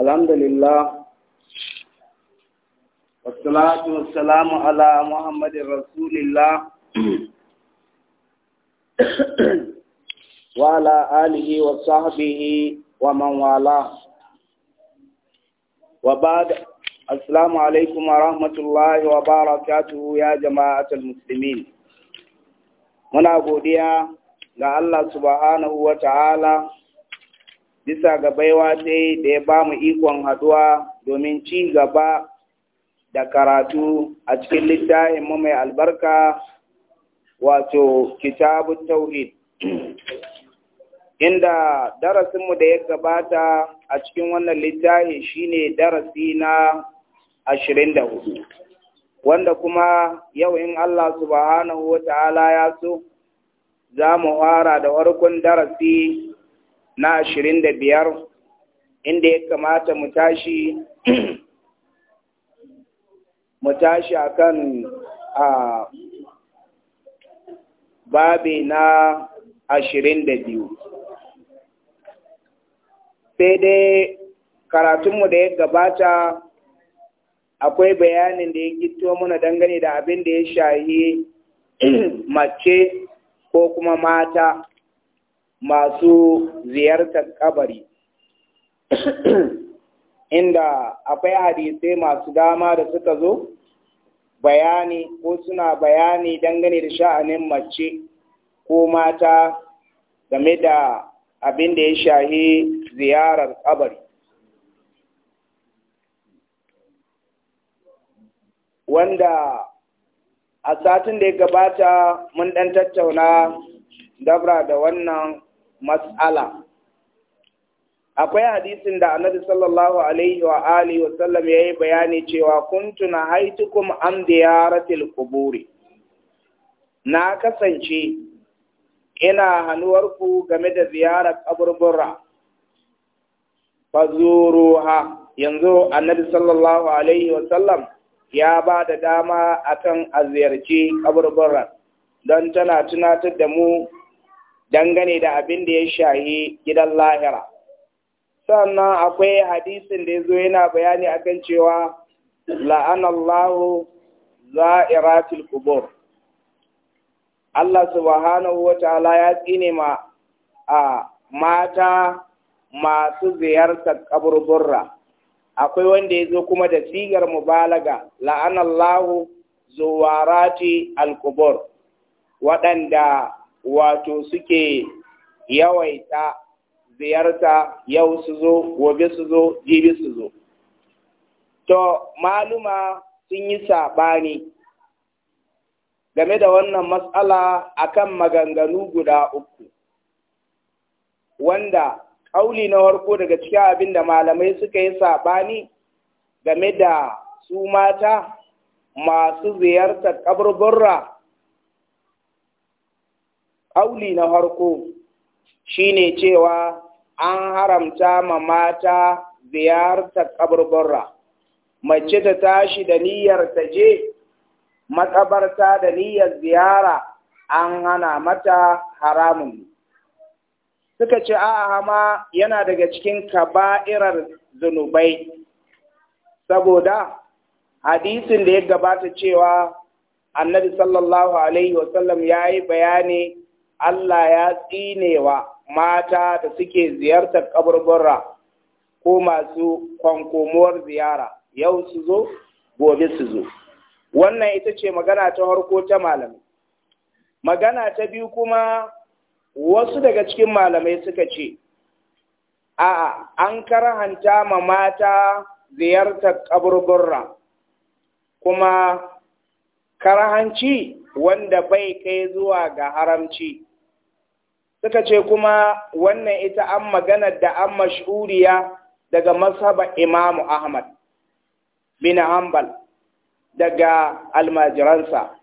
alhamdulillah wasu salamu ala muhammadin rasulillah wa ala alihi wa sahbihi wa man wala wa ba'da alaikum wa rahmatullahi wa barakatuhu ya jama'atul muslimin muna godiya ga Allah subhanahu wa ta'ala bisa ga baiwa sai da ya ba mu ikon haduwa domin ci gaba da karatu a cikin littafin mu mai albarka wato kitabu tauhid inda darasinmu da ya gabata a cikin wannan littafin shine darasi na ashirin da hudu wanda kuma yau in Allah subhanahu wa ta'ala ya so za mu fara da warkun darasi na ashirin da biyar inda ya kamata mu tashi mu tashi akan a babi na ashirin da biyu sai dai karatunmu da ya gabata akwai bayanin da ya gito muna dangane da abin da ya shahi mace ko kuma mata masu ziyartar kabari inda akwai hadisai masu dama da suka zo bayani ko suna bayani dangane da sha'anin mace ko mata game da abin da ya shahi ziyarar kabari wanda a satin da ya gabata mun dan tattauna dabra da wannan mas'ala akwai hadisin da annabi sallallahu alaihi wa alihi wasallam ya yi bayani cewa kuntu na haitukum an diyaratil kuburi na kasance ina hanuwar ku game da ziyarar kaburbura fazuruha yanzu annabi sallallahu alaihi wasallam ya ba da dama akan a ziyarci kaburburan don tana tunatar da mu dangane da abin da ya shahi gidan lahira sannan akwai hadisin da ya zo yana bayani akan cewa la'anallahu za'iratul kubur Allah subhanahu wa ta'ala ya tsine ma a mata masu ziyartar kaburburra akwai wanda ya zo kuma da sigar mubalaga la'anallahu zuwarati al kubur waɗanda wato suke yawaita ziyarta yau su zo gobe su zo jibi su zo to maluma sun yi saɓani game da wannan matsala a kan maganganu guda uku wanda ƙauli na farko daga cikin abin da malamai suka yi saɓani game da su mata masu ziyartar kaburburra ƙauli na harko shine cewa an haramta ma mata ziyartar kaburburra mace ta tashi da niyyar ta je makabarta da niyyar ziyara an hana mata haramun suka ce a'a ma yana daga cikin kaba'irar zunubai saboda hadisin da ya gabata cewa annabi sallallahu alaihi wasallam ya yi bayani Allah ya tsinewa mata da suke ziyartar kaburbura ko masu kwankomuwar ziyara yau su zo gobe su zo wannan ita ce magana ta harko ta malami. magana ta biyu kuma wasu daga cikin malamai suka ce a'a an karhanta ma mata ziyartar kaburbura kuma karhanci wanda bai kai zuwa ga haramci suka ce kuma wannan ita an maganar da an mashuriya daga masaba imamu ahmad bin hanbal daga almajiransa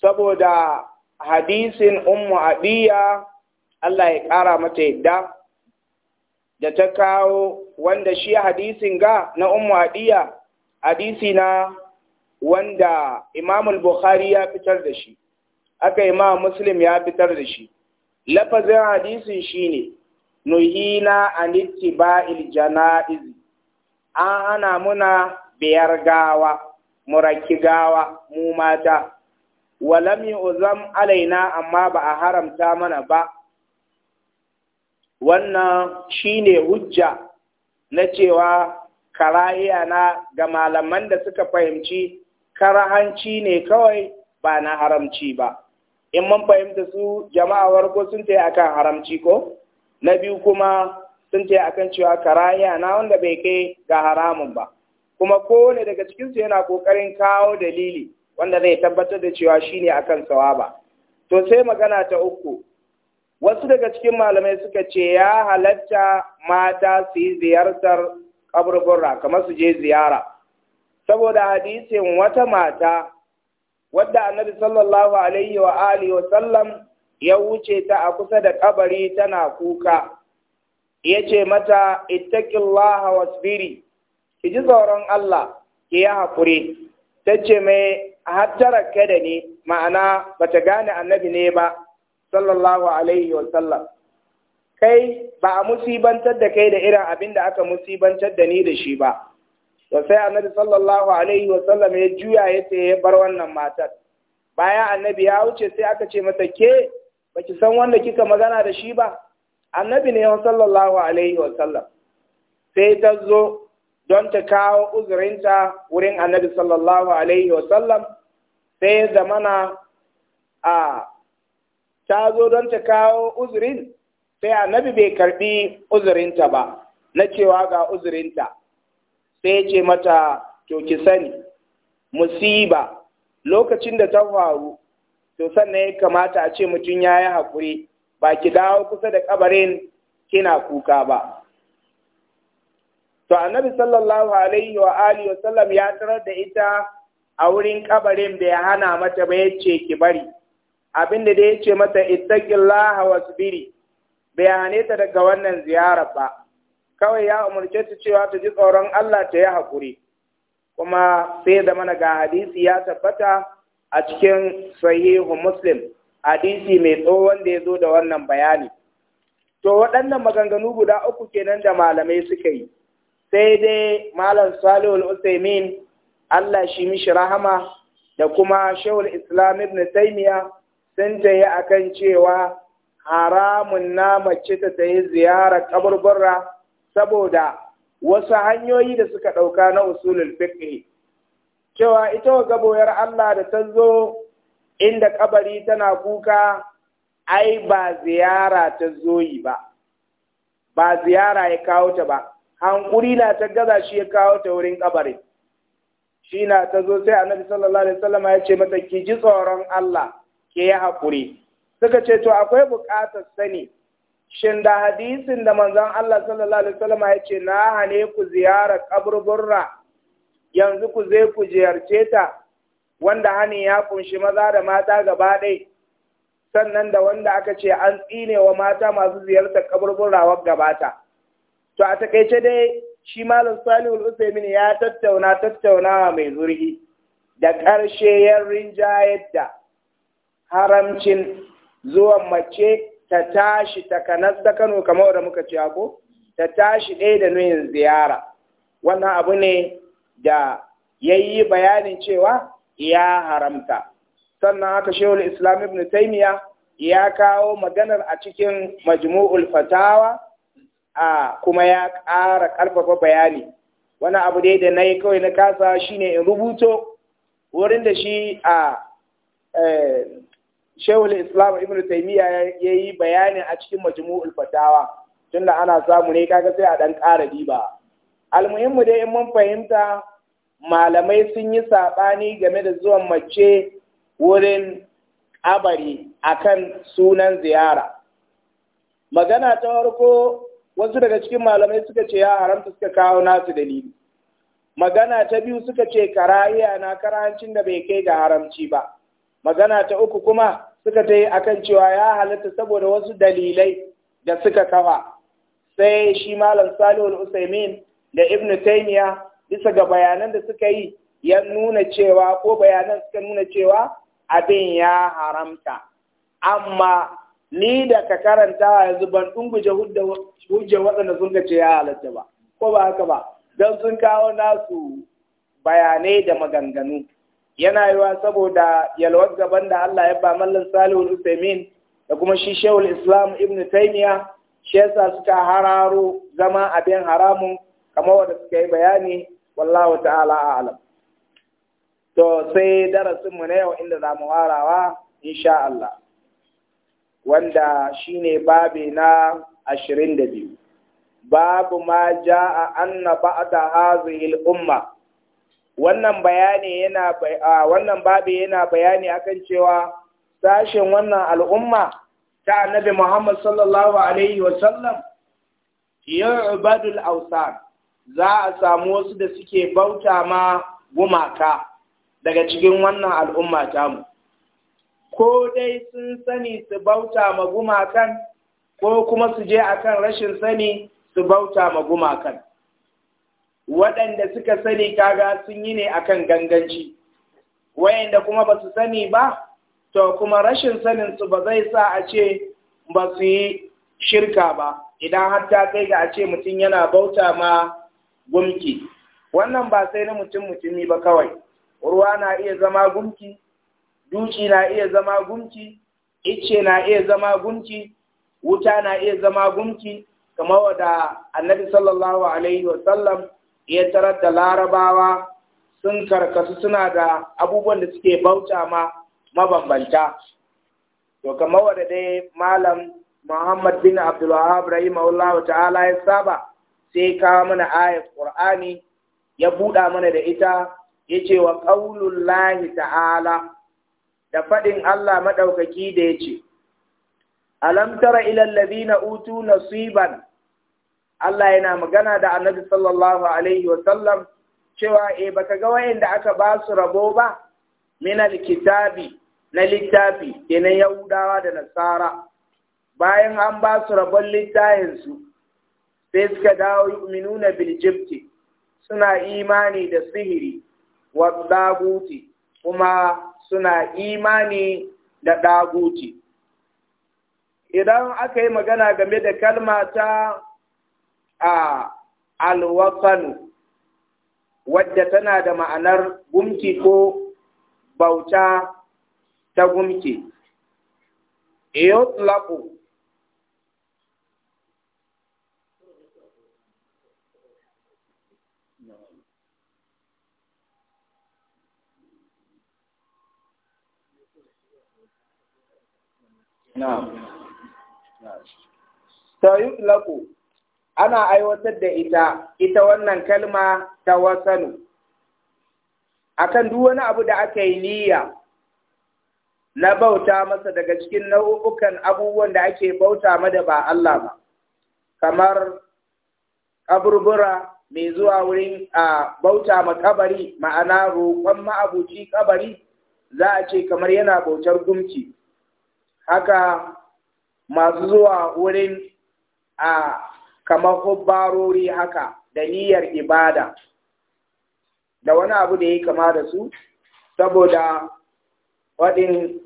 saboda hadisin ummu abiya Allah ya ƙara mata yadda da ta kawo wanda shi hadisin ga na ummu abiya hadisi na wanda imamul bukhari ya fitar da shi aka imamu muslim ya fitar da shi lafazin hadisin shine nuhina an ittiba'il janaiz an hana muna biyar gawa muraki gawa mu mata walam yu'zam alaina amma ba a haramta mana ba wannan shine hujja na cewa kara'iya na ga malaman da suka fahimci karahanci ne kawai ba na haramci ba in mun fahimta su jama'a warko sun a akan haramci ko na biyu kuma sun a akan cewa karaya na wanda bai kai ga haramun ba kuma ko kowane daga cikinsu yana kokarin kawo dalili wanda zai tabbatar da cewa shine akan sawaba to sai magana ta uku wasu daga cikin malamai suka ce ya halatta mata su yi ziyartar kaburbura kamar su je ziyara saboda hadisin wata mata wadda annabi sallallahu alaihi wa alihi wa sallam ya wuce ta a kusa da kabari tana kuka yace mata ittaqillaha wasbiri ki ji tsoron Allah ki ya hakuri ta mai hattara ka da ni ma'ana bata gane annabi ne ba sallallahu alaihi wa sallam kai ba a musibantar da kai da irin abin da aka musibantar da ni da shi ba da sai annabi sallallahu alaihi wa sallam ya juya ya ce ya bar wannan matar bayan annabi ya wuce sai aka ce mata ke baki san wanda kika magana da shi ba annabi ne sallallahu alaihi wa sallam sai ta zo don ta kawo uzurinta wurin annabi sallallahu alaihi wa sallam sai zamana a ta zo don ta kawo uzurin sai annabi bai karbi uzurinta ba na cewa ga uzurinta sai ya ce mata to ki sani musiba lokacin da ta faru to sannan ya kamata a ce mutum ya yi haƙuri ba ki dawo kusa da kabarin kina kuka ba to annabi sallallahu alaihi wa alihi wa sallam ya tarar da ita a wurin kabarin bai hana mata ba yace ki bari abinda da yace mata ittaqillaha wasbiri bai hane ta daga wannan ziyarar ba kawai ya umarce ta cewa ta ji tsoron Allah ta yi haƙuri kuma sai da mana ga hadisi ya tabbata a cikin sahihu muslim hadisi mai tsohon da ya zo da wannan bayani to waɗannan maganganu guda uku kenan da malamai suka yi sai dai malam salihu usaimin Allah shi mishi rahama da kuma shehul islam ibn taymiya sun a kan cewa haramun na mace ta tayi ziyara kaburburra saboda wasu hanyoyi da suka ɗauka na usulul fiqh cewa ita wa gaboyar Allah da ta zo inda ƙabari tana kuka ai ba ziyara ta zo yi ba ba ziyara ya kawo ta ba hankuri na ta gaza shi ya kawo ta wurin kabarin shi na ta zo sai annabi sallallahu alaihi wasallam ya ce mata ki ji tsoron Allah ke ya hakuri suka ce to akwai bukatar sani shin da hadisin da manzon Allah sallallahu alaihi wasallam ya ce na hane ku ziyara kaburburra yanzu ku zai ku ziyarce ta wanda hani ya kunshi maza da mata gaba sannan da wanda aka ce an tsine wa mata masu ziyartar kaburburrawar gabata to a takaice dai shi malam salihul usaimin ya tattauna tattaunawa mai zurfi da ƙarshe ya rinjayar da haramcin zuwan mace ta tashi ta kanas ta Kano kamar da muka ce ko ta tashi ɗaya da nuyin ziyara wannan abu ne da ya yi bayanin cewa ya haramta sannan aka shehul islam ibn taimiya ya kawo maganar a cikin majmu'ul fatawa a kuma ya ƙara ƙarfafa bayani wani abu dai da na yi kawai na kasa shine in rubuto wurin da shi a eh, shehul islam ibnu taymiya ya yi bayani a cikin majmu'ul fatawa tunda ana samu ne kaga sai a dan ƙara diba almuhimmu dai in mun fahimta malamai sun yi saɓani game da zuwan mace wurin abari akan sunan ziyara magana ta farko wasu daga cikin malamai suka ce ya haramta suka kawo nasu dalili magana ta biyu suka ce karahiya na karancin da bai kai ga haramci ba magana ta uku kuma suka ta yi akan cewa ya halatta saboda wasu dalilai da suka kafa sai shi malam salihul usaimin da ibnu taimiya bisa ga bayanan da suka yi ya nuna cewa ko bayanan suka nuna cewa abin ya haramta amma ni da ka karanta yanzu ban dunguje hujja waɗanda sun ce ya halatta ba ko ba haka ba don sun kawo nasu bayanai da maganganu yana yiwa saboda yalwar gaban da Allah ya ba mallan Salihul Usaimin da kuma shi Shehul Islam Ibn Taymiyyah shi yasa suka hararo zama abin haramun kamar wanda suka yi bayani wallahu ta'ala a'lam to sai darasin mu na yau inda za mu warawa insha Allah wanda shine babi na 22 babu ma jaa anna ba'da hadhihi al-umma wannan bayani yana wannan babi yana bayani akan cewa sashen wannan al'umma ta annabi Muhammad sallallahu alaihi wa sallam yu'badul awsan za a samu wasu da suke bauta ma gumaka daga cikin wannan al'umma mu, ko dai sun sani su bauta ma gumakan ko kuma su je akan rashin sani su bauta ma gumakan waɗanda suka sani kaga sun yi ne akan ganganci wayanda kuma ba su sani ba to kuma rashin sanin su ba zai sa a ce ba su yi shirka ba idan har ta kai ga a ce mutum yana bauta ma gumki wannan ba sai na mutum mutumi ba kawai ruwa na iya zama gumki duki na iya zama gumki icce na iya zama gumki wuta na iya zama gumki kamar da annabi sallallahu alaihi wasallam ya tarar da larabawa sun karkasu suna da abubuwan da suke bauta ma mabambanta to kamar wadda dai malam muhammad bin abdulwahab rahimahullah ta'ala ya saba sai kawo mana ayat qur'ani ya buɗa mana da ita ya ce wa lahi ta'ala da faɗin Allah maɗaukaki da ya ce, Alamtara ilallabi na utu nasiban Allah yana magana da annabi sallallahu alaihi wasallam cewa e baka ga wayanda aka ba su rabo ba min alkitabi na littafi kenan yahudawa da nasara bayan an ba su rabon littafinsu su sai suka dawo yu'minuna bil jibti suna imani da sihiri wa daguti kuma suna imani da daguti idan aka yi magana game da kalma ta a alwatan wadda tana da ma'anar gumki ko bauta ta gumki. na, na, na, na, na ana aiwatar da ita ita wannan kalma ta wasanu akan duk wani abu da aka yi niyya na bauta masa daga cikin nau'ukan abubuwan da ake bauta mada ba Allah ba kamar ƙaburbura mai zuwa wurin a bauta ma kabari ma'ana roƙon ma'abuci kabari za a ce kamar yana bautar gumki haka masu zuwa wurin a kamar hubbarori haka da niyyar ibada da wani abu da ya kama da su saboda waɗin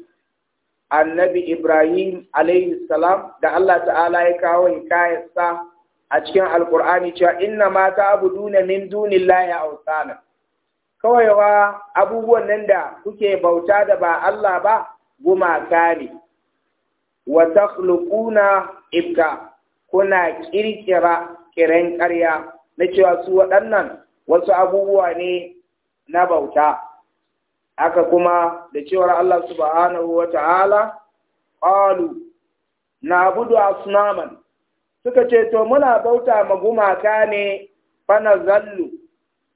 annabi Ibrahim alaihi salam da Allah ta'ala ya kawo hikayarsa a cikin alkur'ani cewa inna ma ta'buduna min dunillahi awsana kawai wa abubuwan nan da kuke bauta da ba Allah ba gumaka ne wa takhluquna ibka kuna kirkira kiran ƙarya na cewa su waɗannan wasu abubuwa ne na bauta haka kuma da cewar Allah subhanahu wa ta'ala qalu na'budu asnaman suka ce to muna bauta ma gumaka ne fana zallu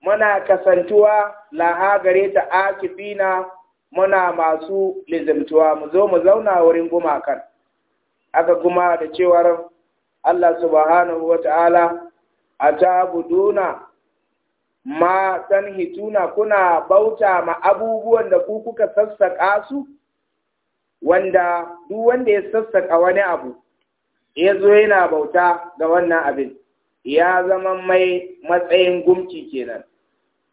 muna kasantuwa laha gare ta akifina muna masu lizimtuwa mu zo mu zauna wurin gumakan haka kuma da cewar Allah subhanahu wa ta'ala a ta'buduna ma hituna kuna bauta ma abubuwan da ku kuka sassaƙa su wanda duk wanda ya sassaƙa wani abu ya zo yana bauta ga wannan abin ya zama mai matsayin gumki kenan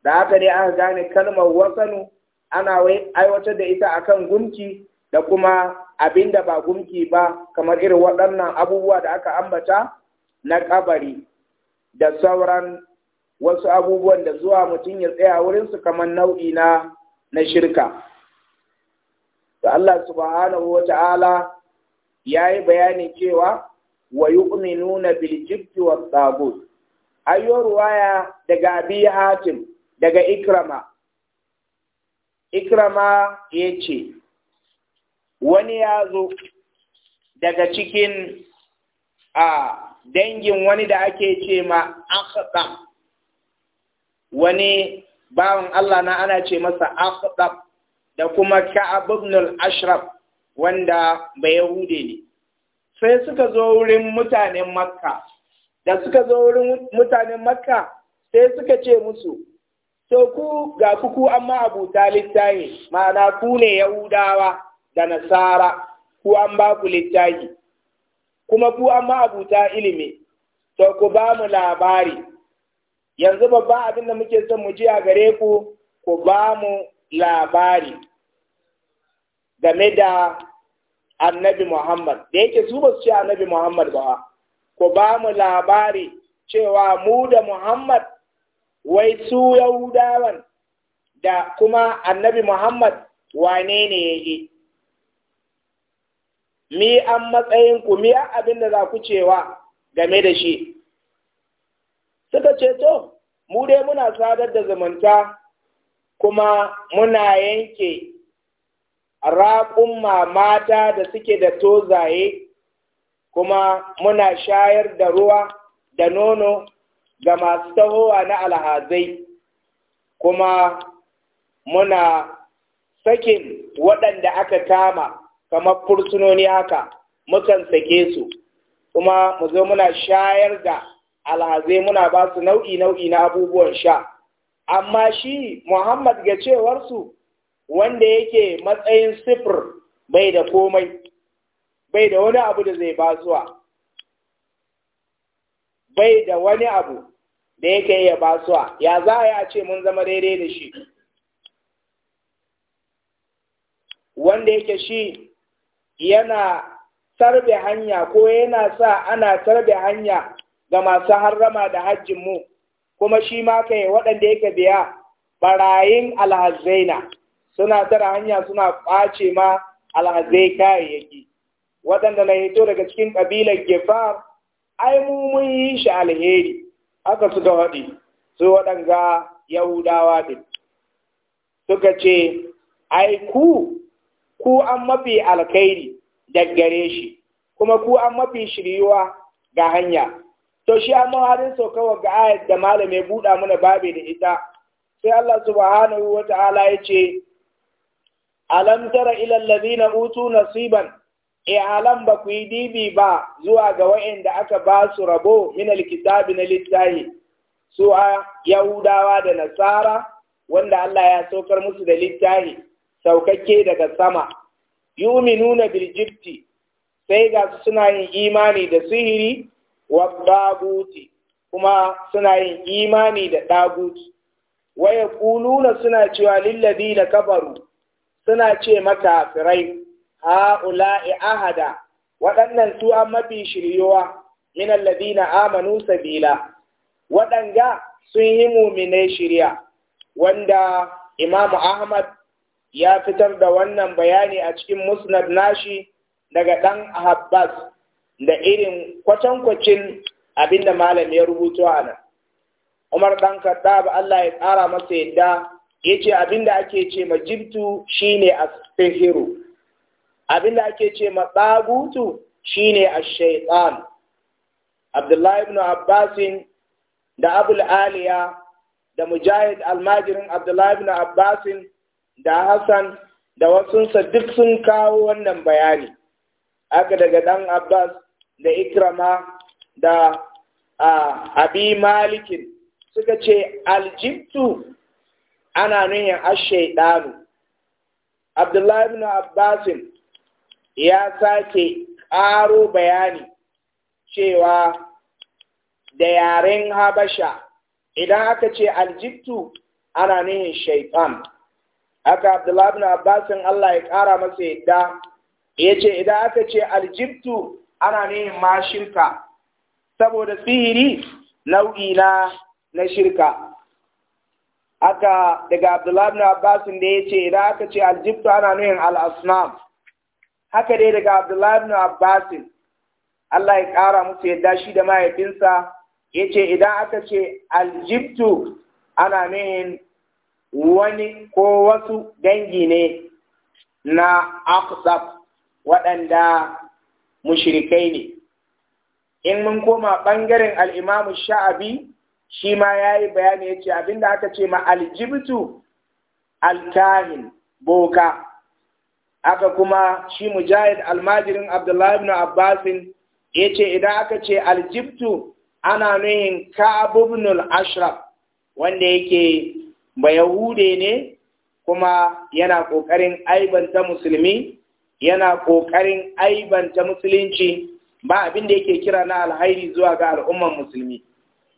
da haka dai aka gane kalmar wasanu ana aiwatar da ita akan gumki da kuma abinda ba gumki ba kamar irin waɗannan abubuwa da aka ambata na kabari da sauran wasu abubuwan da zuwa mutum ya tsaya wurinsu kamar nau'i na na shirka. Da Allah subhanahu wa ta'ala ya yi bayani cewa wa yu'minuna na jibti wa tsagut. Ayyo ruwaya daga abi hatim daga ikrama. Ikrama ya ce, wani ya zo daga cikin a dangin wani da ake ce ma akhdam wani bawan Allah na ana ce masa akhdam da kuma Ka'ab ibn al-Ashraf wanda yahude ne sai suka zo wurin mutanen Makka da suka zo wurin mutanen Makka sai suka ce musu to ku ga kuku amma Abu Talib tayi ma'ana ku ne Yahudawa da nasara ku an ba ku littafi kuma ku an ma'abuta ilimi to ku ba mu labari yanzu babban abin da muke son mu ji a gare ku ku ba mu labari game da annabi Muhammad da yake su ba su ce annabi Muhammad ba ku ba mu labari cewa mu da Muhammad wai su yaudawan da kuma annabi Muhammad wane ne yake mi an matsayin ku mi an abin da za ku cewa game da shi suka ce to mu dai muna sadar da zumunta kuma muna yanke raƙumma mata da suke da tozaye kuma muna shayar da ruwa da nono ga masu tahowa na alhazai kuma muna sakin waɗanda aka kama kamar fursunoni haka mukan sake su kuma mu zo muna shayar da alhazai muna ba su nau'i nau'i na abubuwan sha amma shi muhammad ga cewarsu wanda yake matsayin sifir bai da komai bai da wani abu da zai basuwa bai da wani abu da yake iya basuwa ya za a ce mun zama daidai da shi wanda yake shi yana tarbe hanya ko yana sa ana tarbe hanya ga masu harrama da hajjin mu kuma shi ma kai waɗanda yake biya barayin alhazaina suna tara hanya suna ƙwace ma alhazai kayayyaki waɗanda na hito daga cikin ƙabilar gefar ai mu mun yi shi alheri aka suka faɗi su waɗanga yahudawa din suka ce ai ku ku an mafi alkhairi daggare shi kuma ku an mafi shiriyuwa ga hanya to shi amma harin saukawa ga ayat da malamai buɗa mana babi da ita sai Allah subhanahu wa ta'ala ya ce alam tara ila allazina utu nasiban e alam ba ku yi dibi ba zuwa ga wa'anda aka ba su rabo min alkitabi na littahi su a yahudawa da nasara wanda Allah ya saukar musu da littahi saukakke daga sama yu'minuna bil jibti sai ga su suna yin imani da sihiri wa daguti kuma suna yin imani da daguti wa yaquluna suna cewa lil ladina Kabaru? suna ce mata firai Ula'i ahada waɗannan su an mafi shiryowa min alladina amanu sabila waɗanga sun yi mumine shirya wanda imamu ahmad ya fitar da wannan bayani a cikin musnad nashi daga ɗan habbas da irin kwatankwacin abinda malam ya rubuto a nan. Umar ɗan Kaddab Allah ya tsara masa yadda ya ce abinda ake ce ma jibtu shi ne shine abin abinda ake ce ma tsagutu a Shaitan. Abdullahi ibn Abbasin da Abul Aliya da Mujahid almajirin Abdullahi ibn Abbasin da Hassan da wasu duk sun kawo wannan bayani aka daga ɗan Abbas da Ikrama da Abi Malikin suka ce aljibtu ana nuhin ashaidanu Abdullahi ibn Abbasin ya sake ƙaro bayani cewa da yaren Habasha idan aka ce aljibtu ana nuhin shaitan haka Abdullahi ibn Abbas Allah ya ƙara masa yadda yace idan aka ce aljibtu ana ne ma shirka saboda sihiri nau'i na na shirka haka daga Abdullahi ibn Abbas da yace idan aka ce aljibtu ana ne al-asnam haka dai daga Abdullahi ibn Abbas Allah ya ƙara masa yadda shi da mahaifinsa yace idan aka ce aljibtu ana ne wani ko wasu dangi ne na aqsab waɗanda mushirikai ne in mun koma ɓangaren al'imamu sha'abi shi ma ya yi bayani ya ce da aka ce ma aljibitu alkahin boka aka kuma shi mujahid almajirin abdullahi ibn abbasin ya ce idan aka ce aljibtu ana nuhin ka'abubnul ashraf wanda yake ba yahude ne kuma yana ƙoƙarin aibanta musulmi yana ƙoƙarin aibanta musulunci ba abin da yake kira na alhairi zuwa ga al'umman musulmi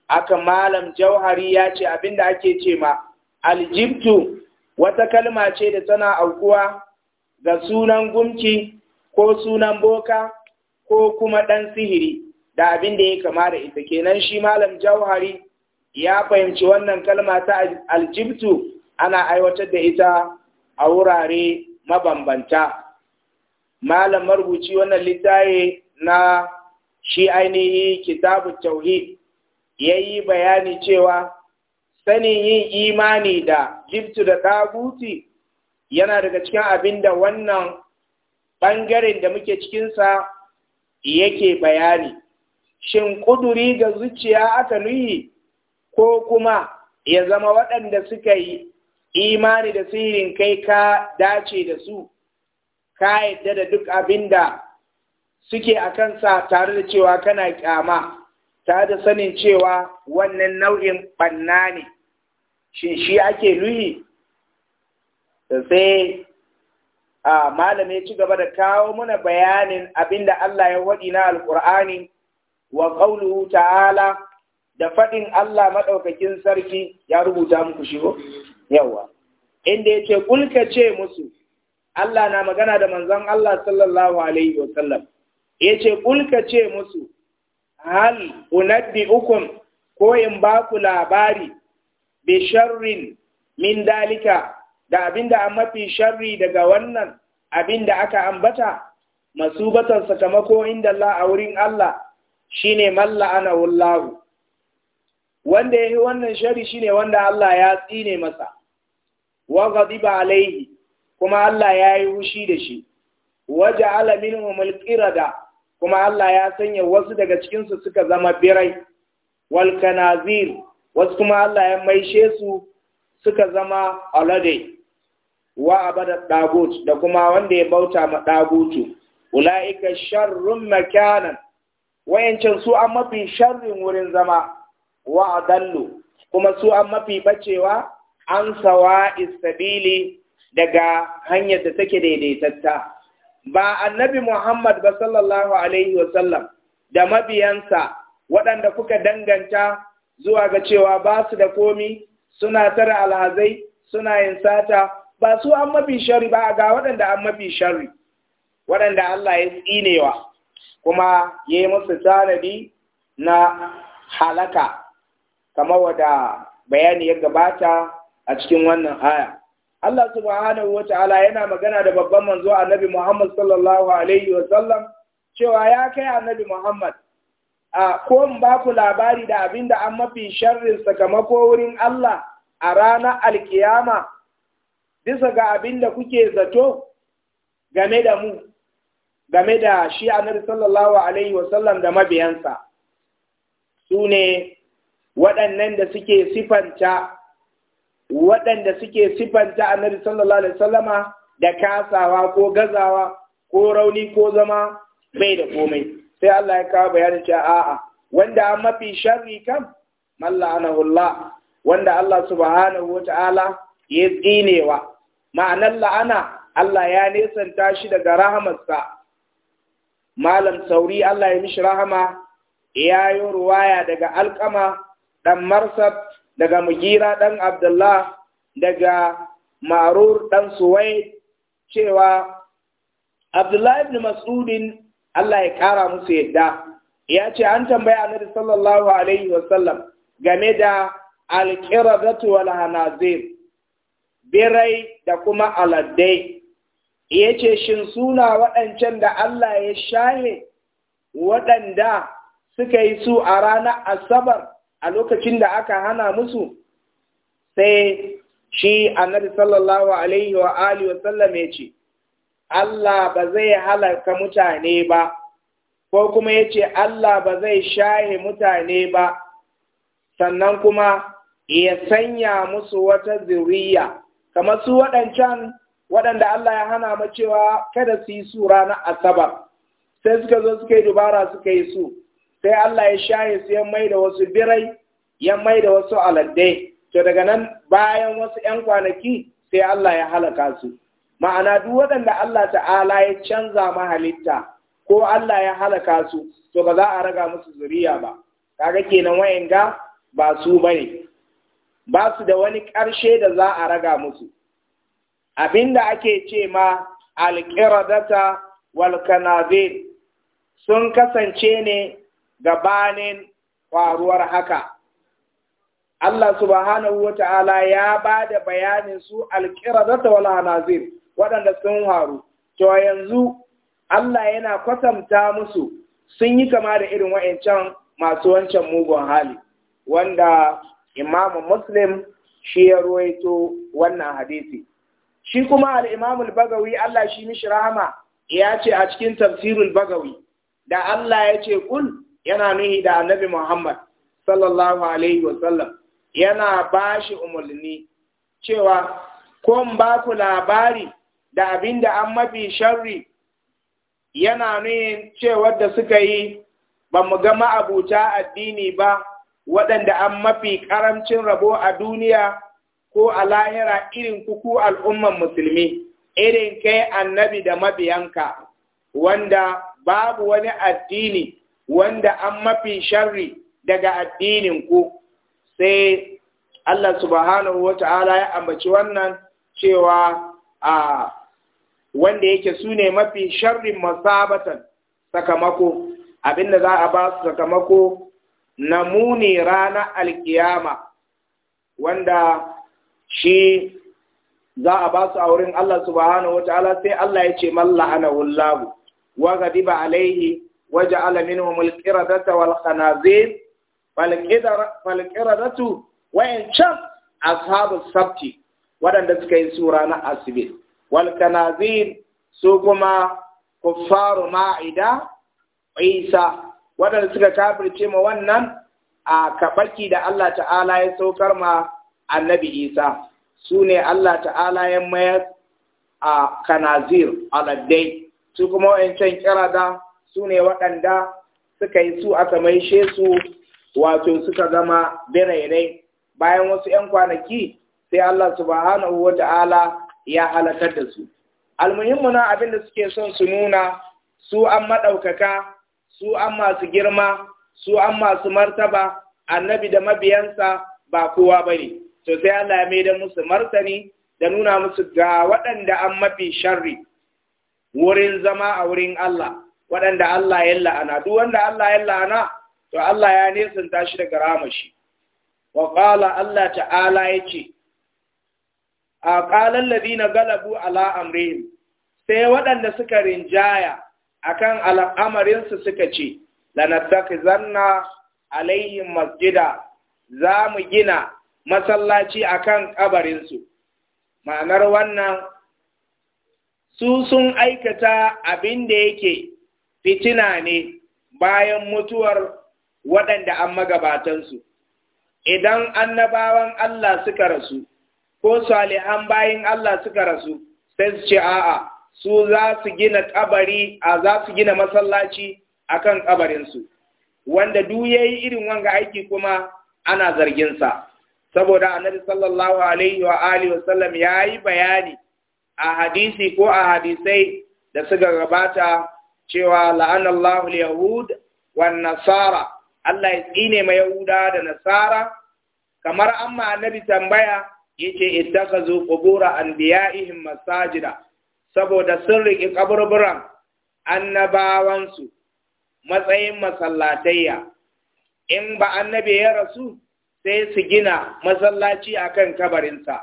aka malam jauhari ya ce abin da ake ce ma aljibtu wata kalma ce da tana aukuwa ga sunan gumki ko sunan boka ko kuma ɗan sihiri da abin da ya kama da ita kenan shi malam jauhari ya fahimci wannan kalma ta aljibtu ana aiwatar da ita a wurare mabambanta malam marubuci wannan littaye na shi ainihi kitabu tauhid ya yi bayani cewa sanin yin imani da jibtu da ɗaguti yana daga cikin abinda wannan ɓangaren da muke cikinsa yake bayani shin ƙuduri ga zuciya aka nuyi ko kuma ya zama waɗanda suka yi imani da sirrin kai ka dace da su ka yadda da duk abin da suke a kansa tare da cewa kana kyama tare da sanin cewa wannan nau'in ɓanna ne shin shi ake nuhi sai a malamai, ya ci gaba da kawo muna bayanin abinda Allah ya waɗi na alƙur'ani wa ƙauluhu ta'ala da faɗin Allah maɗaukakin sarki ya rubuta muku shi ko? Yawwa. Inda ya ce, Kulka ce musu, Allah na magana da manzon Allah sallallahu Alaihi wasallam, ya ce, Kulka ce musu, hal unabbi ukun ko in ba ku labari, bi sharrin min dalika, da da an mafi sharri daga wannan abin da aka ambata, masu batan sakamako inda Allah a wurin Allah, shine malla ana wallahu. wanda ya yi wannan shari shine wanda Allah ya tsine masa wa ba alaihi kuma Allah ya yi hushi da shi waje alamin umul da kuma Allah ya sanya wasu daga cikinsu suka zama birai wal wasu kuma Allah ya maishe su suka zama alade wa abada dagut da kuma wanda ya bauta ma dagutu ulaika sharrun makanan wayancan su an mafi sharrin wurin zama wa adallu kuma su an mafi bacewa an sawa istabili daga hanyar da take daidaitatta ba annabi Muhammad ba sallallahu alaihi wasallam da mabiyansa waɗanda kuka danganta zuwa ga cewa ba su da komi suna tara alhazai suna yin sata ba su an mafi shari ba ga waɗanda an mafi shari waɗanda Allah ya tsinewa kuma ya yi musu tanadi na halaka kamar wada bayani ya gabata a cikin wannan aya Allah subhanahu ta’ala yana magana da babban manzo annabi Muhammad sallallahu alaihi wa cewa ya kai annabi Muhammad a ko in ba ku labari da abin da an mafi sharrin sakamako wurin Allah a ranar alkiyama bisa ga abin da kuke zato game da mu game da shi annabi sallallahu alaihi wa da mabiyansa Sune. waɗannan da suke sifanta waɗanda suke sifanta annabi sallallahu alaihi wasallama da kasawa ko gazawa ko rauni ko zama bai da komai sai Allah ya kawo bayanin cewa a'a wanda an mafi sharri kam mallanahu Allah wanda Allah subhanahu wata'ala ya tsinewa ma'anar la'ana Allah ya nesanta shi daga rahamarsa malam sauri Allah ya mishi rahama ya yi ruwaya daga alkama ɗan marsab daga Mugira ɗan Abdullah, daga Marur ɗan Suwai, cewa Abdullah ibn Mas'udin Allah ya ƙara musu yadda, ya ce an tambaya Annabi sallallahu Alaihi wasallam game da alƙiradatu wal hanazir, birai da kuma aladdai. Ya ce, Shin suna waɗancan da Allah ya shaye waɗanda suka yi su a ranar Asabar a lokacin da aka hana musu sai shi annabi sallallahu alaihi wa alihi wa ya ce Allah ba zai halarka mutane ba ko kuma ya ce Allah ba zai shahe mutane ba sannan kuma ya sanya musu wata zuriya kamar su waɗancan waɗanda Allah ya hana mu cewa kada su yi su ranar asabar sai suka zo suka yi dubara suka yi su sai Allah ya sha su ya mai da wasu birai ya mai da wasu aladdai to daga nan bayan wasu 'yan kwanaki sai Allah ya halaka su ma'ana duk waɗanda Allah ta'ala ya canza mahalitta ko Allah ya halaka su to ba za a raga musu zuriya ba kaga kenan wayanga ba su bane ba su da wani ƙarshe da za a raga musu abinda ake ce ma alƙiradata wal sun kasance ne gabanin faruwar haka Allah subhanahu wa ta'ala ya ba da bayanin su ta wala nazir waɗanda sun haru to yanzu Allah yana kwatanta musu sun yi kama da irin wa'ancan masu wancan mugun hali wanda imamu muslim shi ya ruwaito wannan hadisi shi kuma al bagawi Allah shi mishi rahama ya ce a cikin tafsirul bagawi da Allah ya ce kul yana nuhi da annabi Muhammad sallallahu alaihi wasallam yana ba shi umarni cewa kun ba ku labari da abin da an mafi sharri yana nuhin cewar da suka yi ba mu ga ma'abuta addini ba waɗanda an mafi ƙaramcin rabo a duniya ko a lahira irin kuku al'umman musulmi irin kai annabi da mabiyanka wanda babu wani addini wanda an mafi sharri daga addininku, sai Allah subhanahu wa ta'ala ya ambaci wannan cewa a wanda yake su ne mafi sharrin masabatan sakamako abinda za a ba su sakamako na muni ranar alkiyama wanda shi za a ba su a wurin Allah subhanahu wa ta'ala sai Allah ya ce mallahana wallahu wa ba alaihi waja ala minu mu mulkira data wala kanazin datu wayan can a sabu sabti waɗanda suka yi sura na asibit wala kanazin su kuma ku faru ma'ida isa waɗanda suka kafir ma wannan a kaɓarki da Allah ta'ala ya saukar ma annabi isa su ne Allah ta'ala ya mayar a kanazir aladdai su kuma wayan can kira da su ne waɗanda suka yi su aka maishe su wato suka zama birainai bayan wasu 'yan kwanaki sai Allah subhanahu wa ta'ala ya halakar da su. almuhimmuna na abin da suke son su nuna su an maɗaukaka, su an masu girma, su an masu martaba, annabi da mabiyansa ba kowa ba ne. To sai Allah ya mai da musu martani da nuna musu ga waɗanda an mafi sharri wurin zama a wurin Allah. waɗanda Allah ya la'ana duk wanda Allah ya la'ana to Allah ya nesanta shi daga ramashi wa qala Allah ta'ala yace a qala alladhina galabu ala amrihim sai waɗanda suka rinjaya akan al'amarin su suka ce lanattakhizanna alaihim masjida za mu gina masallaci akan kabarin su ma'anar wannan su sun aikata abin da yake fitina ne bayan mutuwar waɗanda an magabatansu. Idan annabawan Allah suka rasu, ko salihan bayan Allah suka rasu, sai su ce a'a, su za su gina ƙabari a za su gina masallaci a kan ƙabarinsu wanda duk ya yi irin wanga aiki kuma ana zarginsa. Saboda annabi sallallahu alaihi wa wa sallam ya yi bayani a hadisi ko a hadisai da suka gabata cewa la'anallahu al-yahud wa nasara Allah ya tsine ma yahuda da nasara kamar amma annabi tambaya yace ittakhazu qubura anbiya'ihim masajida saboda sun riƙe kaburburan annabawansu matsayin masallatayya in ba annabi ya rasu sai su gina masallaci akan kabarinsa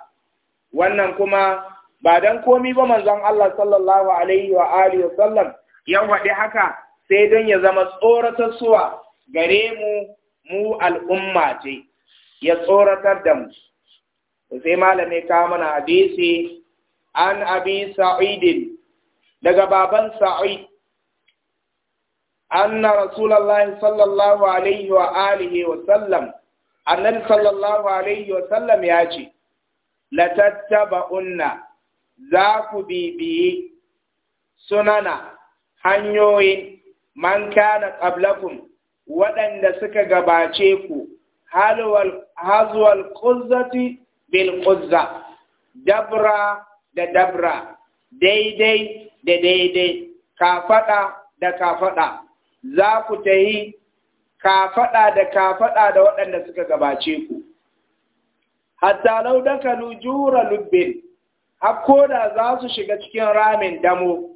wannan kuma ba don komi ba manzon Allah sallallahu alaihi wa alihi wa sallam ya waɗi haka sai don ya zama tsoratar suwa gare mu mu al'umma ce ya tsoratar da mu sai malamai kawo mana hadisi an abi sa'idin daga baban sa'id anna Rasulallah sallallahu alaihi wa alihi wa sallam annabi sallallahu alaihi wa sallam ya ce latattaba'unna za ku bibiyi sunana hanyoyin man kana qablakum waɗanda suka gabace ku halwal hazwal quzzati bil quzza dabra da dabra daidai da daidai kafaɗa da kafaɗa za ku tahi kafaɗa da kafaɗa da waɗanda suka gabace ku hatta lau dakalu jura lubbin har za su shiga cikin ramin damo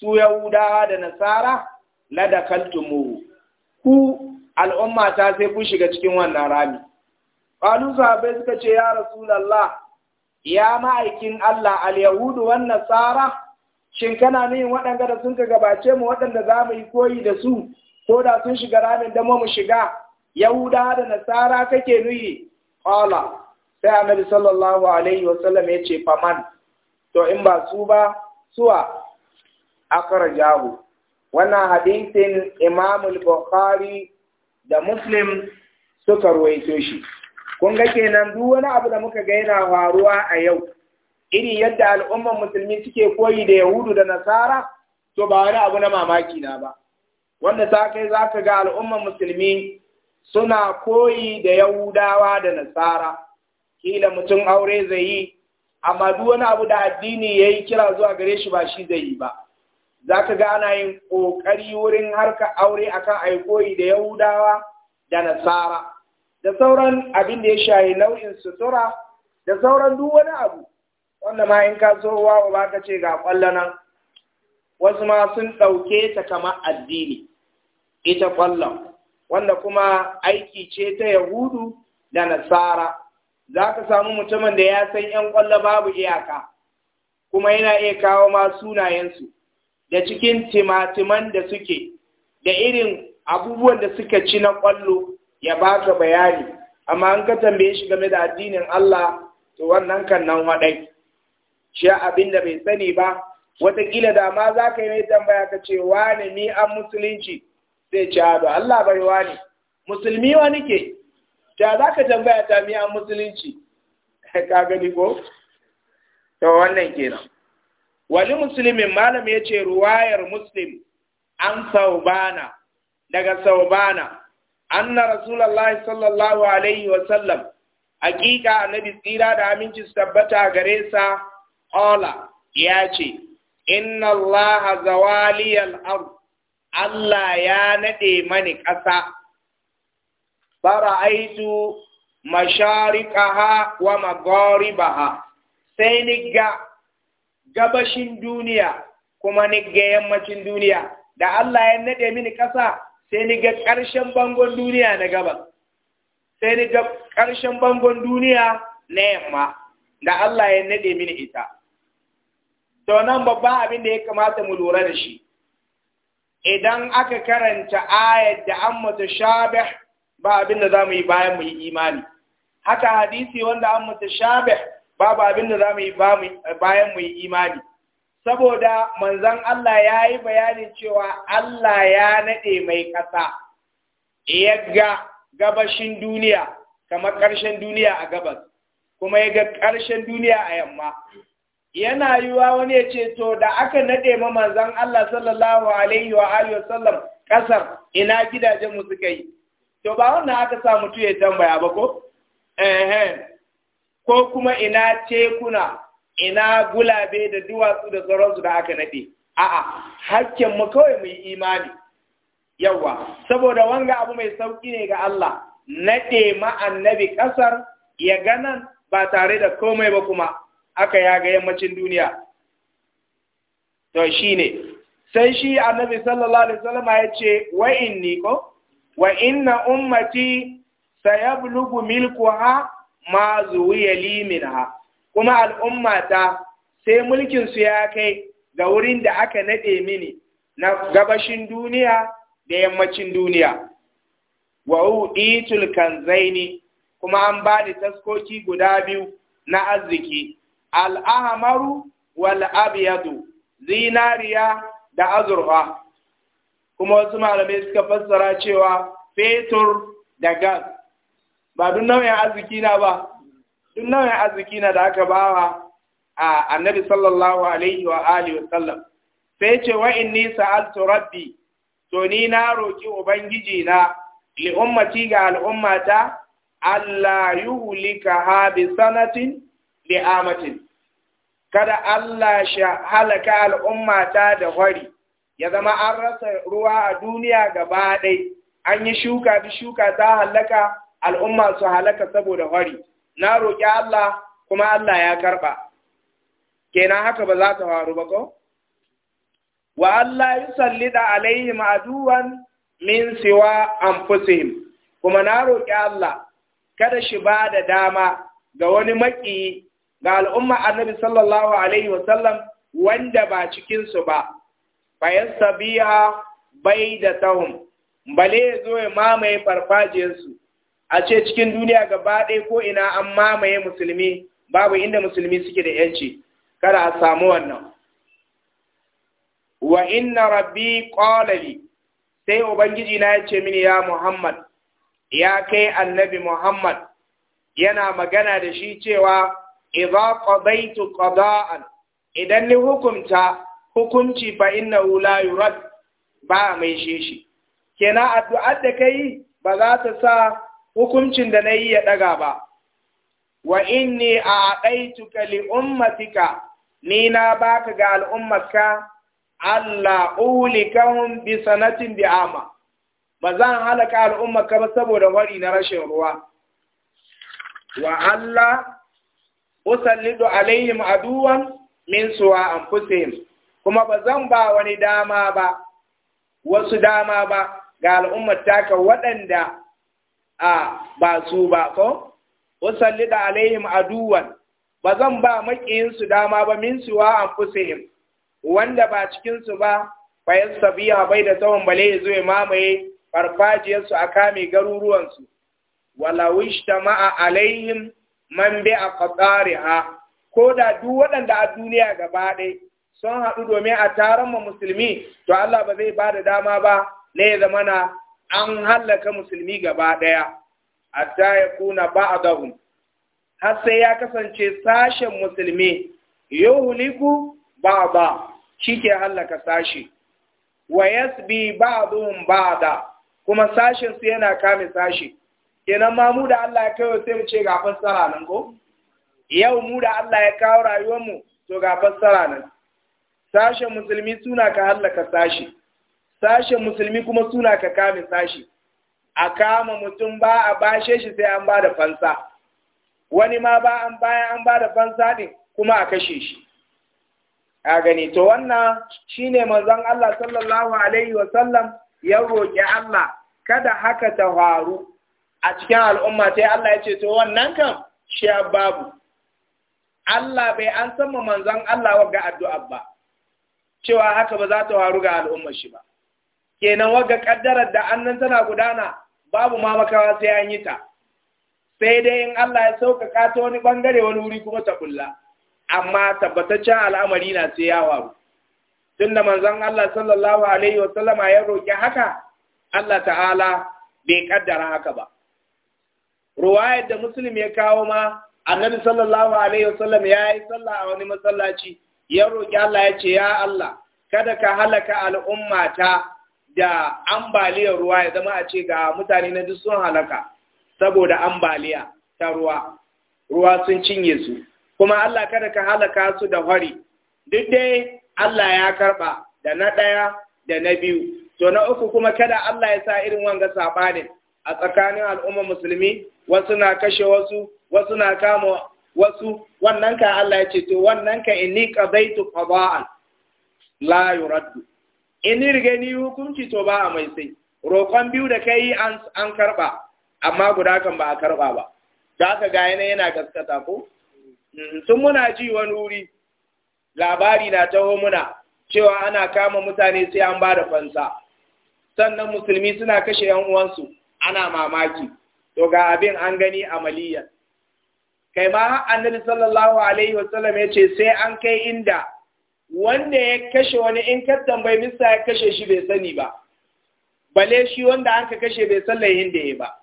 su Yahudawa da Nasara la dakaltumuhu ku al'umma ta sai ku shiga cikin wannan rami qalu sahabbai suka ce ya rasulullah ya ma'aikin Allah al-yahudu wan nasara shin kana nuyin waɗanda da sun ka gabace mu waɗanda za mu yi koyi da su ko da sun shiga ramin da mu shiga yahuda da nasara kake nuyi qala sai annabi sallallahu alaihi wasallam ya ce faman to in ba su ba suwa Jahu, wannan hadisin Imam al-Bukhari da Muslim suka ruwaito shi kun ga kenan duk wani abu da muka ga yana faruwa a yau iri yadda al'umman musulmi suke koyi da Yahudu da Nasara to ba wani abu na mamaki na ba wanda ta kai za ka ga al'umman musulmi suna koyi da Yahudawa da Nasara kila mutum aure zai yi amma duk wani abu da addini yayi kira zuwa gare shi ba shi zai yi ba za ka ga ana yin ƙoƙari wurin harka aure akan kan aikoyi da Yahudawa da Nasara, da sauran abin da ya shayi nau'in sutura, da sauran duk wani abu, wanda ma in ka so wa ba ka ce ga ƙwallo nan, wasu ma sun ɗauke ta kama addini, ita ƙwallon, wanda kuma aiki ce ta Yahudu da Nasara, za ka samu mutumin da ya san ‘yan ƙwallo babu iyaka, kuma yana iya kawo ma sunayensu. da cikin timatiman da suke da irin abubuwan da suka ci na ƙwallo ya baka bayani amma an ka tambaye shi game da addinin Allah to wannan kan nan waɗai shi abin da bai sani ba wataƙila da ma za ka yi mai tambaya ka ce wani ni an musulunci sai ce da Allah bai wani musulmi wani ke ta za ka tambaya ta mi an musulunci ka gani ko to wannan kenan wali musulmin malam ya ce ruwayar muslim an saubana daga saubana anna rasulullahi sallallahu alaihi wa sallam hakika annabi tsira da aminci su tabbata gare sa ola ya ce inna Allah zawaliyal ard Allah ya nade mani ƙasa fara'aitu mashariqaha wa magharibaha sai ni ga gabashin duniya kuma ni ga yammacin duniya da Allah ya nade mini ƙasa sai ni ga ƙarshen bangon duniya na gaba sai ni ga ƙarshen bangon duniya na yamma da Allah ya nade mini ita to nan babban abin da ya kamata mu lura da shi idan aka karanta ayat da an mutashabih ba abin da za mu yi bayan mu yi imani haka hadisi wanda an mutashabih babu abin da za mu yi bayan mu yi imani saboda manzon Allah ya yi bayanin cewa Allah ya naɗe mai ƙasa ya ga gabashin duniya kamar ƙarshen duniya a gabas kuma ya ga ƙarshen duniya a yamma yana yiwa wani ya ce to da aka naɗe ma manzon Allah sallallahu alaihi wa alihi wa sallam ƙasar ina gidajen mu suka yi to ba wannan aka sa mutu ya tambaya ba ko eh ko kuma ina tekuna ina gulabe da duwatsu da sauransu da aka naɗe a'a hakken mu kawai mu yi imani yawa saboda wanga abu mai sauki ne ga Allah naɗe ma annabi ƙasar ya ganan ba tare da komai ba kuma aka yaga yammacin duniya to shine sai shi annabi sallallahu alaihi wasallam ya ce wa inni ko wa inna ummati sayablugu milkuha ma zuwiya limin ha, kuma al'ummata sai mulkin su ya kai ga wurin da aka naɗe mini na gabashin duniya da yammacin duniya wa uditul kanzaini kuma an bani taskoki guda biyu na arziki al'ahamaru wal abyadu zinariya da azurfa kuma wasu malamai suka fassara cewa fetur da gas ba duk nau'in arziki na ba duk nau'in arziki na da aka bawa a annabi sallallahu alaihi wa alihi wa sallam sai ce wa inni sa'altu rabbi to ni na roki ubangiji na li ummati ga al'ummata Allah yuhlika ha sanatin li amatin kada Allah sha halaka al'ummata da wari ya zama an rasa ruwa a duniya gaba ɗaya, an yi shuka bi shuka ta halaka al'umma su halaka saboda hori na roƙi Allah kuma Allah ya karɓa kenan haka ba za ta faru ba ko wa Allah sallida alaihim aduwan min siwa anfusihim kuma na roƙi Allah kada shi ba da dama ga wani maƙi, ga al'umma annabi sallallahu alaihi wasallam wanda ba cikinsu ba, Bayan biya bai da tahun, bale ya zo ya mamaye farfajiyarsu, a ce cikin duniya gaba ɗaya ko ina an mamaye musulmi babu inda musulmi suke da yanci kada a samu wannan wa inna rabbi qalali sai ubangiji na yace mini ya muhammad ya kai annabi muhammad yana magana da shi cewa idza qadaytu qada'an idan ni hukumta, hukunci fa innahu la yurad ba mai shi shi kenan addu'ar da kai ba za ta sa hukuncin da na yi ya ɗaga ba wa inni a ɗaituka tukali ummatika ni na baka ga al'ummarka Allah ulikahum bi sanatin bi ama ba zan halaka al'ummarka ba saboda wari na rashin ruwa wa Allah usallidu alaihim aduwan min suwa anfusihim kuma ba zan ba wani dama ba wasu dama ba ga al'ummar taka waɗanda a ba su ba ko wasallida alaihim aduwan ba zan ba maƙiyinsu dama ba min suwa an fusihim wanda ba cikinsu ba fa sabiya bai da tsawon bale ya zo ya mamaye farfajiyarsu a kame garuruwansu walawish ta alaihim man bi a ko da duk waɗanda a duniya gaba ɗaya sun haɗu domin a taron mu musulmi to Allah ba zai ba da dama ba ne ya an hallaka musulmi gaba ɗaya hatta ya kuna ba'dahum har sai ya kasance sashen musulmi yuhliku ba'da ke hallaka sashi wa yasbi ba'dhum ba'da kuma sashen su yana kame sashi kenan ma mu da Allah ya kawo sai mu ce ga fassara nan ko yau mu da Allah ya kawo rayuwar mu to ga fassara nan sashen musulmi suna ka hallaka sashi sashen musulmi kuma suna ka kame sashi a kama mutum ba a bashe shi sai an ba da fansa wani ma ba an bayan an ba da fansa ne kuma a kashe shi a gani to wannan shine manzon Allah sallallahu alaihi wa ya roƙi Allah kada haka ta faru a cikin al'umma sai Allah ya ce to wannan kan shi babu Allah bai an sama manzon Allah wa ga addu'a ba cewa haka ba za ta faru ga al'ummar shi ba kenan waga kaddarar da annan tana gudana babu ma makawa sai an yi ta sai dai in Allah ya sauƙaƙa ta wani bangare wani wuri kuma ta kulla amma tabbataccen al'amari na sai ya waru tunda manzon Allah sallallahu alaihi wa sallama ya roƙi haka Allah ta'ala bai kaddara haka ba ruwayar da muslim ya kawo ma annabi sallallahu alaihi wa sallam ya yi sallah a wani masallaci ya roƙi Allah ya ce ya Allah kada ka halaka al'ummata da ambaliyar ruwa ya zama a ce ga mutane na duk sun halaka saboda ambaliya ta ruwa ruwa sun cinye su kuma Allah kada ka halaka su da hori duk dai Allah ya karba da na ɗaya da na biyu to na uku kuma kada Allah ya sa irin wanga sabani a tsakanin al'umma musulmi wasu na kashe wasu wasu na kama wasu wannan ka Allah ya ce to wannan ka inni qadaitu qada'an la yuraddu in ni hukunci to ba a mai sai roƙon biyu da kai an karɓa amma guda kan ba a karɓa ba Za ka ga yana yana gaskata ko mm-hmm. sun muna ji wani wuri labari na taho muna cewa ana kama mutane sai an ba da fansa sannan musulmi suna kashe yan uwansu ana mamaki to ga abin an gani amaliyan kai ma annabi sallallahu alaihi wasallam ya ce sai an kai inda wanda ya kashe wani in kattan bai mista ya kashe shi bai sani ba bale shi wanda an ka kashe bai san laihin da ya ba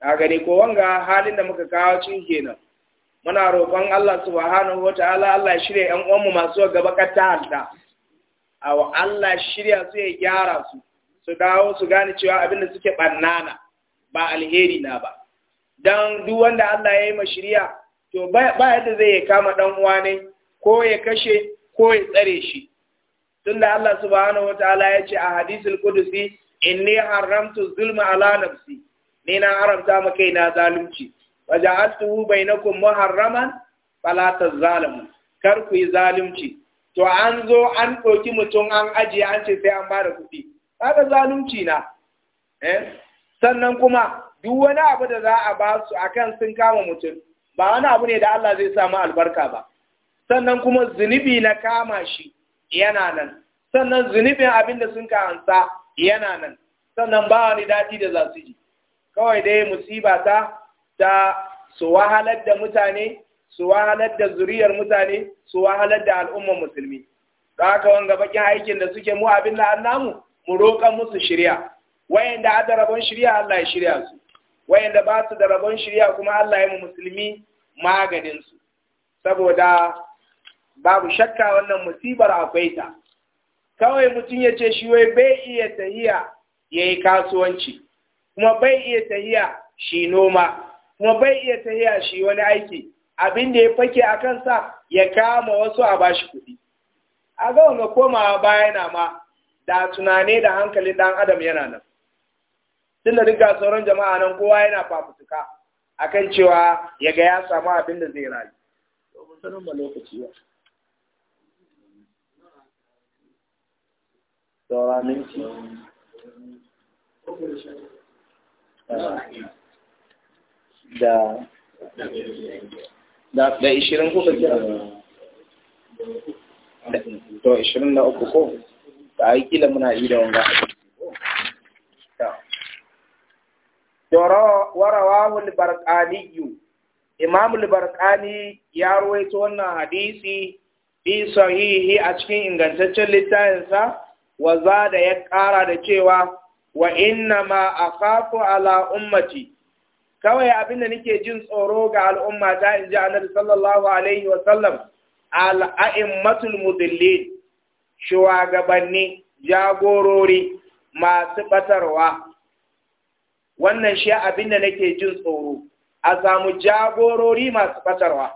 a gani ko wanga halin da muka kawo cikin kenan muna roƙon Allah subhanahu 'Ala' Allah shirya ƴan uwanmu masu gaba ka halta a Allah shirya su ya gyara su su dawo su gane cewa abin da suke ɓannana ba alheri na ba don duk wanda Allah ya yi ma shirya to ba yadda zai kama ɗan ne ko ya kashe ko ya tsare shi tunda Allah subhanahu wataala ya ce a hadisul qudusi inni haramtu zulma ala nafsi ni na haramta ma kaina zalunci wa ja'altu bainakum muharraman fala tazalimu kar ku yi zalunci to an zo an ɗauki mutum an ajiye an ce sai an bada kuɗi kaga zalunci na eh sannan kuma duk wani abu da za a ba su akan sun kama mutum ba wani abu ne da Allah zai samu albarka ba sannan kuma zunubi na kama shi yana nan sannan zunubin abin da sun kahansa yana nan sannan ba wani daɗi da za su ji kawai dai musiba ta ta su wahalar da mutane su wahalar da zuriyar mutane su wahalar da al'ummar musulmi da haka wanga bakin aikin da suke mu abin da namu mu roƙan musu shirya wayanda da ada rabon shirya Allah ya shirya su wayanda ba su da rabon shirya kuma Allah ya mu musulmi maganin su saboda babu shakka wannan musibar akwai ta kawai mutum ya ce shi wai bai iya tahiya ya yi kasuwanci kuma bai iya tahiya shi noma kuma bai iya tahiya shi wani aiki abin da ya fake a kansa ya kama wasu a bashi kuɗi a ga wanga komawa baya na ma da tunane da hankalin ɗan adam yana nan tun da duka sauran jama'a nan kowa yana fafutuka akan cewa ya ga ya samu abin da zai rayu. lokaci saura minti da da ishirin kuka kira to ishirin da uku ko da a yi kila muna yi da wanga warawahu barqani imam al ya ruwaito wannan hadisi bi sahihi a cikin ingantaccen littafinsa wa da ya ƙara da cewa wa inna ma a ala ummati kawai abin da nake jin tsoro ga al'umma ta in ji annabi sallallahu alaihi wasallam al’a’in matul mudillin shugabanni jagorori masu batarwa wannan shi abin da nake jin tsoro a samu jagorori masu batarwa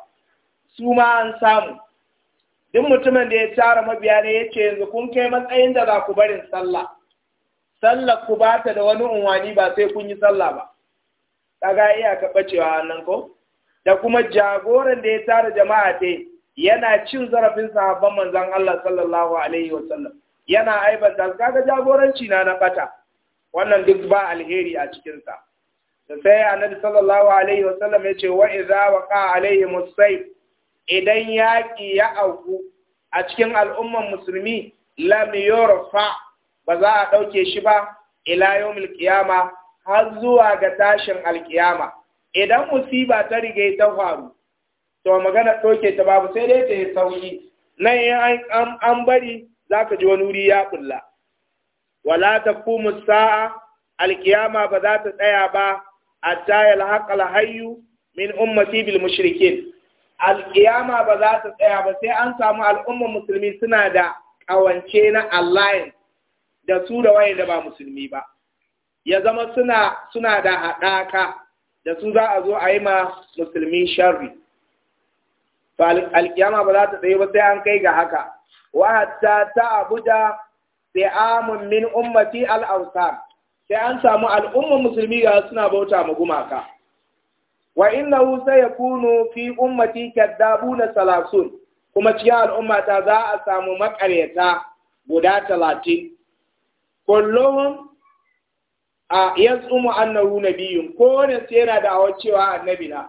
su ma an samu duk mutumin da ya tara mabiya ne ya ce yanzu kun kai matsayin da za ku barin sallah sallah ku ba ta da wani unwani ba sai kun yi sallah ba kaga iya ka bacewa nan ko da kuma jagoran da ya tara jama'a te yana cin zarafin sahabban manzon Allah sallallahu alaihi wa sallam yana aibanta kaga jagoranci na na bata wannan duk ba alheri a cikin sa da sai annabi sallallahu alaihi wa sallam ya ce wa idza waqa alaihim as idan yaƙi ya auku a cikin al'umman musulmi lam Fa ba za a ɗauke shi ba ila yawmil har zuwa ga tashin alkiyama. idan musiba ta riga ta faru to magana ɗauke ta babu sai dai ta yi sauki nan yin an bari za ka ji wani wuri ya kulla wala ta kuma sa'a alkiyama ba za ta tsaya ba a tayar haƙal hayu min ummati bil mushrikin alƙiyama ba za ta tsaya ba sai an samu al'ummar musulmi suna da ƙawance na alliance da su da waye da ba musulmi ba ya zama suna suna da haɗaka da su za a zo a yi ma musulmi sharri alƙiyama ba za ta tsaye ba sai an kai ga haka wa hatta ta abuja sai amun min ummati al sai an samu al'ummar musulmi ga suna bauta ma gumaka wa ya kunu fi ummati kadabuna salasun kuma cikin al'ummata za a samu maƙaryata guda talatin kullum a yasumu annahu ko kowane su yana da awar cewa annabi na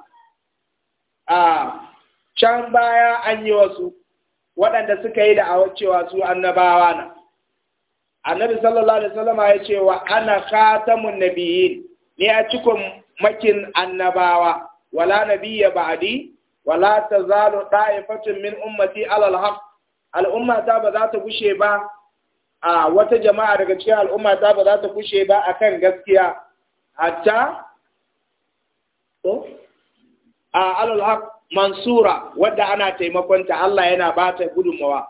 a can baya an yi wasu waɗanda suka yi da awar cewa su annabawa na annabi sallallahu alaihi wasallama ya ce wa ana khatamun nabiyin ni a cikon makin annabawa wala nabiyya ba'di wala tazalu da'ifatun min ummati alal haqq al'umma ta ba za ta gushe ba a wata jama'a daga cikin al'umma ta ba za ta gushe ba akan gaskiya hatta to a alal haqq mansura wadda ana taimakonta Allah yana ba ta gudunmawa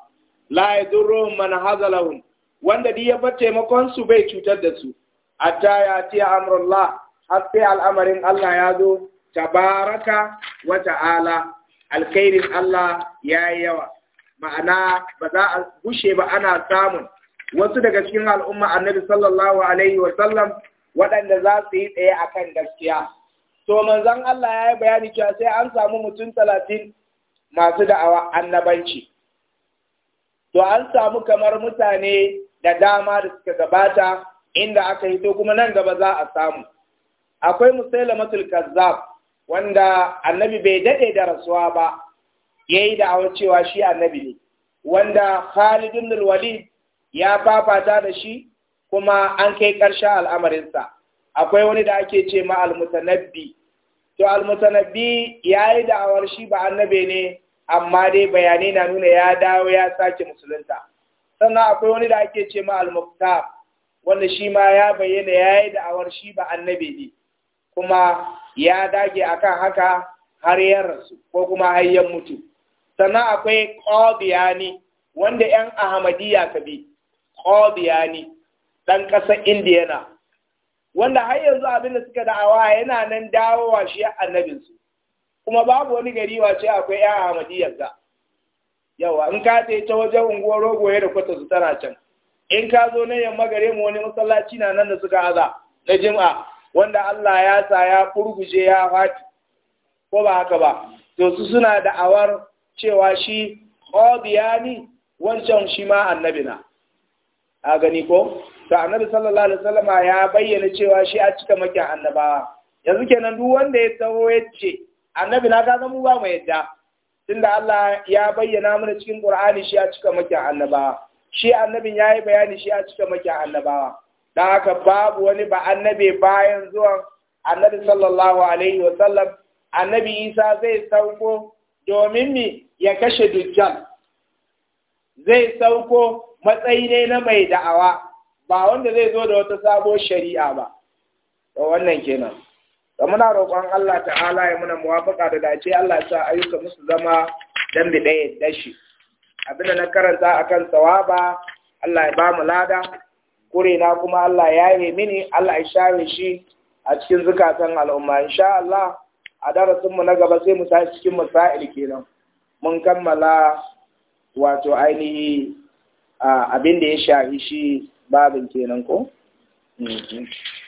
la yadurruhum man hazalahum wanda duk ya bar taimakon su bai cutar da su hatta ya ti amrullah har al'amarin Allah ya zo tabaraka wa ta'ala alkhairin Allah ya yi yawa ma'ana ba za a gushe ba ana samun wasu daga cikin al'umma annabi sallallahu alaihi wa sallam waɗanda za su yi tsaye a kan gaskiya to manzon Allah ya yi bayani cewa sai an samu mutum talatin masu da'awa annabanci to an samu kamar mutane da dama da suka gabata inda aka yi to kuma nan gaba za a samu akwai musailamatul kazzab wanda annabi bai dade da rasuwa ba yayi da awar cewa shi annabi ne wanda Khalid ibn walid ya fafata da shi kuma an kai karshen al'amarinsa akwai wani da ake ce ma al-mutanabbi to al-mutanabbi yayi da awar shi ba annabi ne amma dai bayanai na nuna ya dawo ya sake musulunta sannan akwai wani da ake ce ma al-muktab wanda shi ma ya bayyana yayi da da'awar shi ba annabi ne kuma ya dage akan haka har ya rasu ko kuma har ya mutu sannan akwai qadiyani wanda yan ahmadiyya ka bi qadiyani dan ƙasar indiyana wanda har yanzu abin da suka da'awa yana nan dawo wa shi annabinsu kuma babu wani gari wace akwai yan ahmadiyyar ga yawa in ka ta wajen unguwar ya da kwata su tana can in ka zo na yamma gare mu wani masallaci na nan da suka aza na jima'a. wanda Allah ya sa ya furguje ya faɗi ko ba haka ba to su suna da awar cewa shi qadiyani wancan shi ma annabi na a gani ko to annabi sallallahu alaihi wasallama ya bayyana cewa shi a cika makin annabawa yanzu kenan duk wanda ya taho ya ce annabi na kaga mu ba mu yadda tunda Allah ya bayyana mana cikin Qur'ani shi a cika makin annabawa shi annabin yayi bayani shi a cika makin annabawa da haka babu wani ba annabi bayan zuwan annabi sallallahu alaihi wasallam annabi isa zai sauko domin mi ya kashe dujjal zai sauko matsayi ne na mai da'awa ba wanda zai zo da wata sabo shari'a ba to wannan kenan da muna roƙon Allah ta'ala ya muna muwafaka da dace Allah ya sa ayyuka musu zama dan bi ɗaya dashi abinda na karanta akan tsawaba, Allah ya ba mu lada kurena kuma Allah ya yi mini Allah ya share shi a cikin zukatan al'umma insha Allah a darasin mu na gaba sai mu tashi cikin masail kenan mun kammala wato ainihi abin da ya shafi shi babin kenan ko mm-hmm.